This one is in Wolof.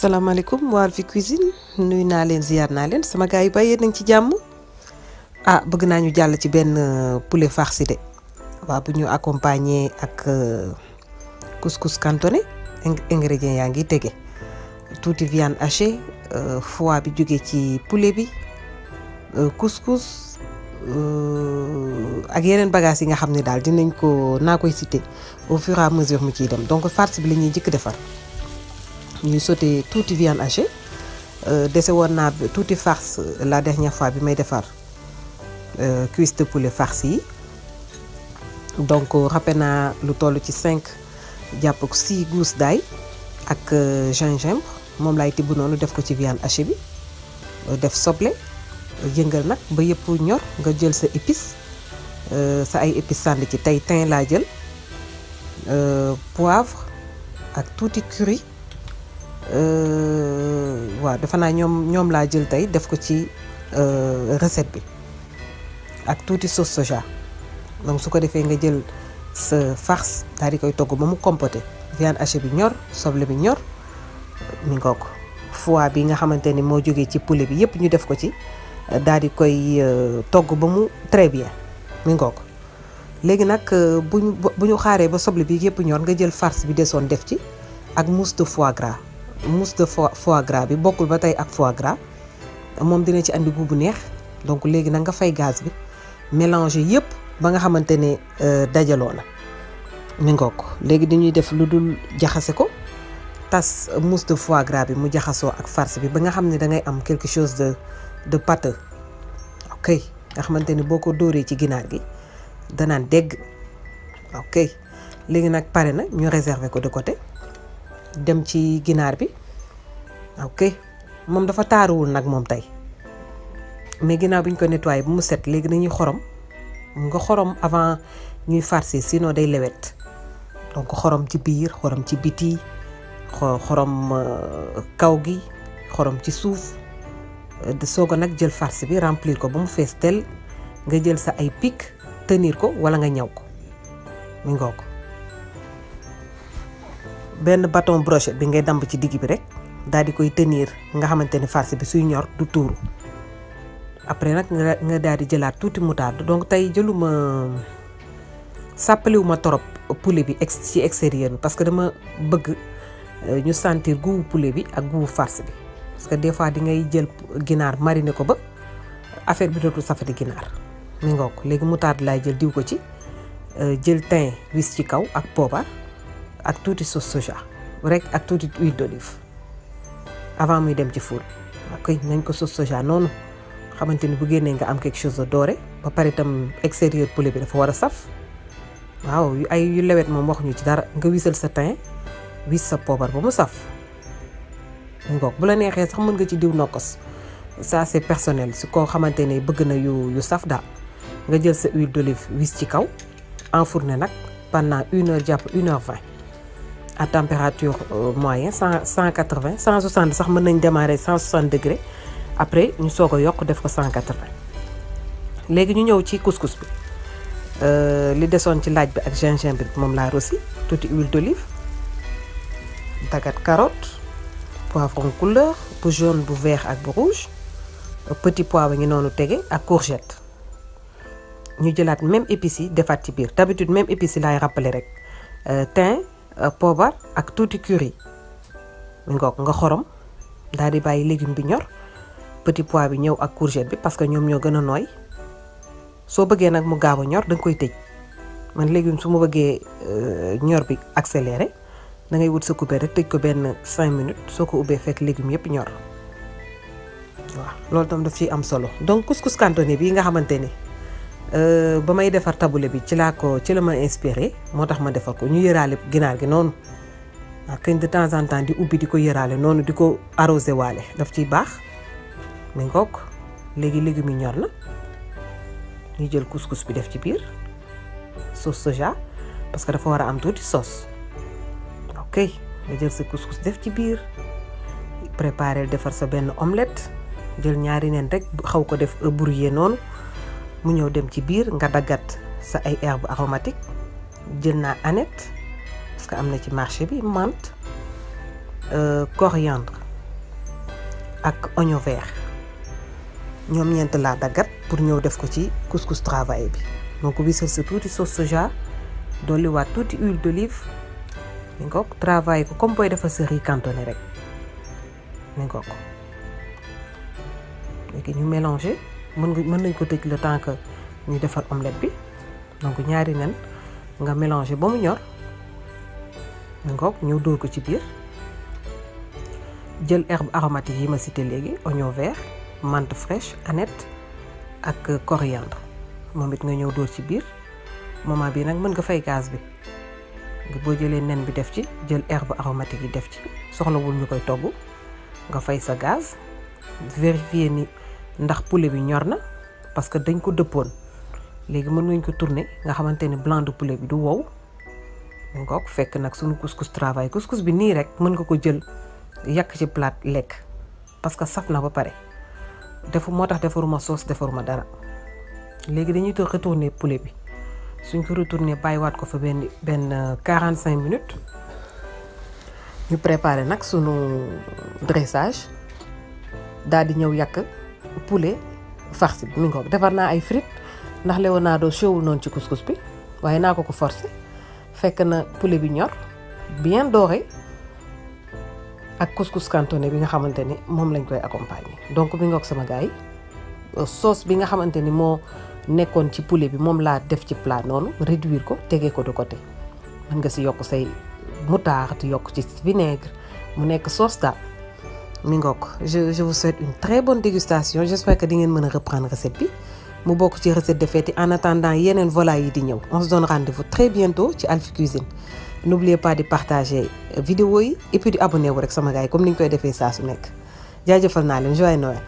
asalaamaaleykum waa Alphie Cuisine nuyu naa leen ziar naa leen sama gars yi bàyyee nañ ci jàmm ah bëgg naa ñu jàll ci benn euh, poulet farci de waaw bu ñu accompagner ak euh, couscous cantonais ingrédients yaa ngi tege tuuti viande hachée euh, foie bi jóge ci poulet bi couscous ak yeneen bagages yi nga xam ne daal dinañ ko naa koy citer au fur et mesure mu ciy dem donc farce bi la ñuy njëkk defar. ñu sauté tuuti viande hachée euh, dese woon naa tuuti farce la dernière fois bi may defar euh, cuisse de poulet farce yi donc euh, râpé naa lu toll ci cinq jàpp ak six gousses d'ail ak gingembre moom laay tibb noonu def ko ci viande hachée bi def soble yëngal nag ba yëpp ñor nga jël sa épice sa ay épices sànni ci tey thym laa jël poivre ak tuuti curry Euh, waaw defe naa ñoom ñoom laa jël tey def ko ci euh, recet bi ak tuuti sauce soja donc su ko defee nga jël sa farce daal di koy togg ba mu compoté viande hachée bi ñor soble bi ñor mi ngoog foie bi nga xamante ni moo jógee ci poulet bi yépp ñu def ko ci daal di koy euh, togg ba mu très bien mi ngoog léegi nag bu ñu ñu xaaree ba soble bi yëpp ñor nga jël farce bi desoon def ci ak mousse de foie gras. mousse de foie gras bi bokkul ba tey ak foie gras moom dina ci andi goût bu neex donc léegi nag nga fay gaz bi mélanger yëpp ba nga xamante ne euh, dajaloo na mi ngoog léegi dañuy def lu dul jaxase ko tas mousse de foie gras bi mu jaxasoo ak farce bi ba nga xam ne da ngay am quelque de de pâteux ok nga xamante ni boo ko dóoree ci ginaar gi danaan dégg ok léegi nag pare na ñu réserver ko de côté dem ci ginaar bi ok moom dafa taaruwul nag moom tey mais ginaar bi ñu ko nettoyé bu mu set léegi dañuy xorom mu nga xorom avant ñuy farcir sinon day lewet donc xorom ci biir xorom ci biti xorom euh, kaw gi xorom ci suuf euh, soo ko nag jël farce bi remplir ko ba mu fees tel nga jël sa ay pic tenir ko wala nga ñaw ko mu ngoo ko benn baton brochette bi ngay damb ci digg bi rek daal di koy tenir nga xamante ni farce bi suy ñor du tuuru après nag nga daal di jëlaat tuuti moutarde donc tey jëluma sàppaliwuma torop poulet bi ex ci extérieur bi parce que dama bëgg euh, ñu sentir guubu poulet bi ak guubu farce bi parce que des fois di ngay jël ginaar mariner ko ba affaire bi dootul safati ginaar mi ngoog léegi moutarde laay jël diw ko ci euh, jël thym wis ci kaw ak poobar ak tuuti sauce soja rek ak tuuti huile d'olive avant muy dem ci four bi. nañ ko sauce soja noonu xamante ni bu génnee nga am quelque chose de doré ba pare tam extérieur poulet bi dafa war a saf waaw yu ay yu lewet moom waxuñu ci dara nga wisal sa tein wis sa poobar ba mu saf. ngoog bu la neexee sax mën nga ci diw nokkos ça c'est personnel su ko xamante ne bëgg na yu yu saf daal nga jël sa huile d'olive wis ci kaw enfourner nag pendant une heure jàpp une heure vingt à température euh, moyen cent cent quatre vingt cent soixante sax mën nañ démarrer cent soixante degré après ñu soog a yokk def ko cent léegi ñu ñëw ci couscous bi euh, li desoon ci laaj bi ak gingembre bi moom laa rosi tuuti huile d'olive dagat carotte poivron couleur bu jaune bu vert ak bu rouge euh, petit pois ba ngi noonu tege ak courgette ñu jëlaat même épices yi defaat ci biir d'habitude même épices yi laay rappelé rek thym poobar ak tuuti curry mi ngoog nga xorom daal di bàyyi légume bi ñor petit pois bi ñëw ak courgette bi parce que ñoom ñoo gën a nooy soo bëggee nag mu gaaw a ñor da koy tëj man légume su ma bëggee euh, ñor bi accéléré da ngay wut sa couvert rek tëj ko benn cinq minutes soo ko ubbee fekk légume yëpp ñor waaw loolu tam daf ciy am solo donc couscous cantonais bii nga xamante ni Euh, ba may defar tabule bi ci laa ko ci la ma inspiré moo tax ma defar ko ñu yëraale ginaar gi noonu waaw kañ de temps en temps di ubbi di ko yëraale noonu di ko arrosé waale daf ciy baax mi ngoog léegi légumes yi ñor na ñu jël couscous bi def ci biir sauce parce que dafa war a am tuuti sauce ok nga jël sa def ci biir préparer defar sa benn omelette jël ñaari neen rek xaw ko def brouillé noonu. mu ñëw dem ci biir nga daggat sa ay herbe aromatique jël naa aneth parce que am na ci marché bi menthe euh, coriandre ak oignon vert ñoom ñeent laa daggat pour ñëw def ko ci couscous travail bi moo ko wisal sa tuuti sauce soja dolliwaat tuuti huile d'olive mi nga ko travail ko comme booy defal sa riz cantonné rek mi nga léegi ñu mélanger mën mën nañ ko tëj le temps que ñu defar omelette bi donc ñaari nen nga mélanger ba mu ñor ngoog ñëw dóor ko ci biir jël herbe aromatique yi ma cité léegi oignon vert menthe fraîche aneth ak coriandre moom it nga ñëw dóor ci biir moment bi nag mën nga fay gaz bi boo jëlee nen bi def ci jël herbe aromatique yi def ci soxlawul ñu koy togg nga fay sa gaz vérifier ni ndax poulet bi ñor na parce que dañ ko dëppoon léegi mën ngañ ko tourner nga xamante ni blanc de poulet bi du wow ngoog fekk nag suñu couscous travail couscous bi nii rek mën nga ko jël yàq ci plat lekk parce que saf na ba pare defu moo tax defaruma sauce defaruma dara léegi dañuy to retourner poulet bi suñ ko retourner waat ko fa benn benn quarante cinq minutes ñu préparer nag suñu dressage daal di ñëw yàq poulet farci bi mi ngi ko defar naa ay frites ndax naa Leonardo séwul noonu ci couscous bi waaye naa ko ko force fekk na poulet bi ñor bien doré ak couscous cantonais bi nga xamante ni moom lañ koy accompagner donc mi ngoog sama gars yi euh, sauce bi nga xamante ni moo nekkoon ci poulet bi moom laa def ci plat noonu réduire ko tegee ko de côté mën nga si yokk say moutarde yokk ci vinaigre mu nekk sauce daal mi ngook je je vous souhaite une très bonne dégustation j'espère que di ngeen mën a reprendre recette bi mu bokk ci recette de fête en attendant yeneen volaille yi di ñëw on se donne rendez-vous très bientôt ci Alphie Cuisine n'oubliez pas di partager vidéo yi et puis di abonné rek sama gars yi comme ni ñu koy defee saa su nekk jaajëfal naa leen joyeux Noël